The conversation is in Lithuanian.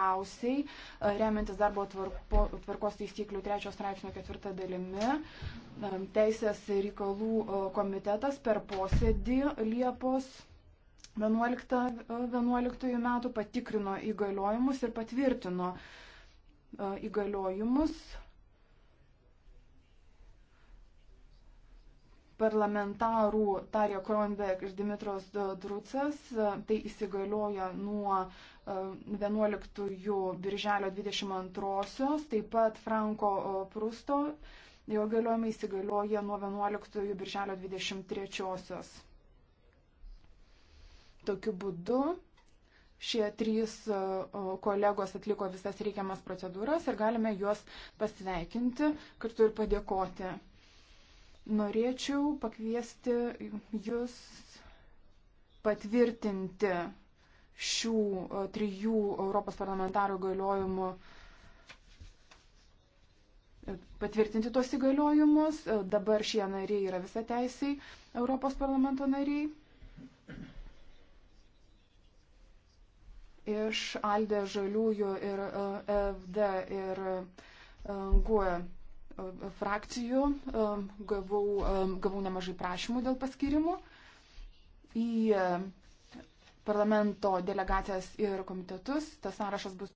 Galiausiai, e, remiantis darbo tvarko, tvarkos taisyklių 3 straipsnio 4 dalimi, e, Teisės reikalų e, komitetas per posėdį Liepos 11, 11 metų patikrino įgaliojimus ir patvirtino įgaliojimus parlamentarų Tarja Kronberg ir Dimitros Drucas. Tai įsigalioja nuo 11 e, birželio 22-osios, taip pat Franko e, Prusto, jo galiojimai įsigalioja nuo 11 birželio 23-osios. Tokiu būdu šie trys e, kolegos atliko visas reikiamas procedūras ir galime juos pasveikinti kartu ir padėkoti norėčiau pakviesti jūs patvirtinti šių e, trijų Europos parlamentarų galiojimų e, patvirtinti tuos įgaliojimus. E, dabar šie nariai yra visą teisiai Europos parlamento nariai. Iš Aldė Žaliųjų ir FD ir GUE frakcijų um, gavau, um, gavau nemažai prašymų dėl paskirimų į uh, parlamento delegacijas ir komitetus. Tas sąrašas bus